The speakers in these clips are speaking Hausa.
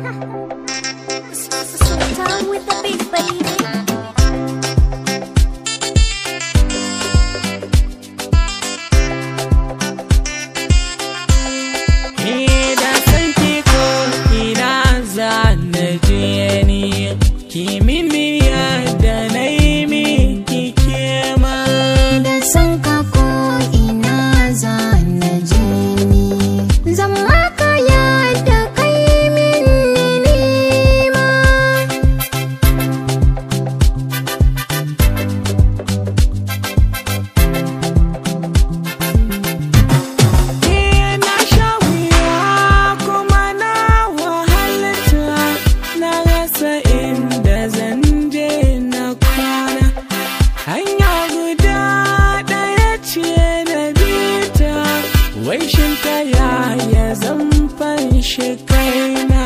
Slow down with the big baby. Kishin kaya ya zamfan shi kaina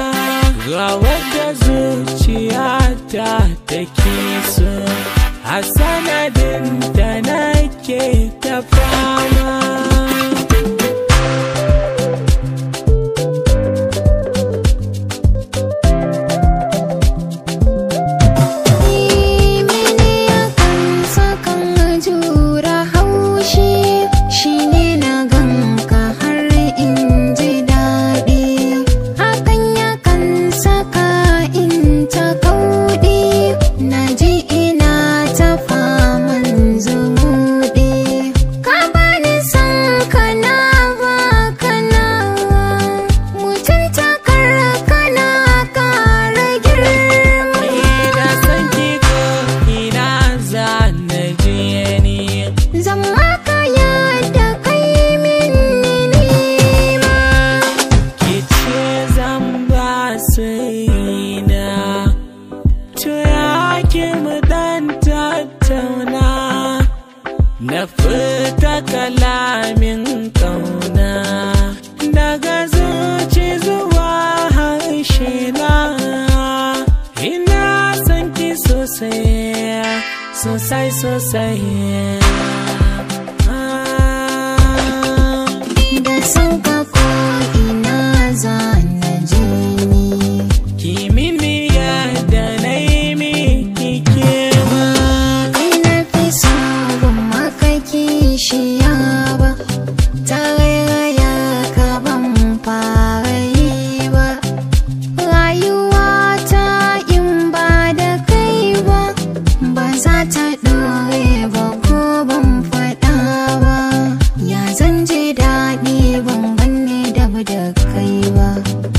Ga wadda zuciya ta take so A sanadin da nake ta fama raina to ya mu dan tattauna na fita kalamin kauna daga zuci zuwa harshe na ina san ki sosai sosai sosai ah, da 会話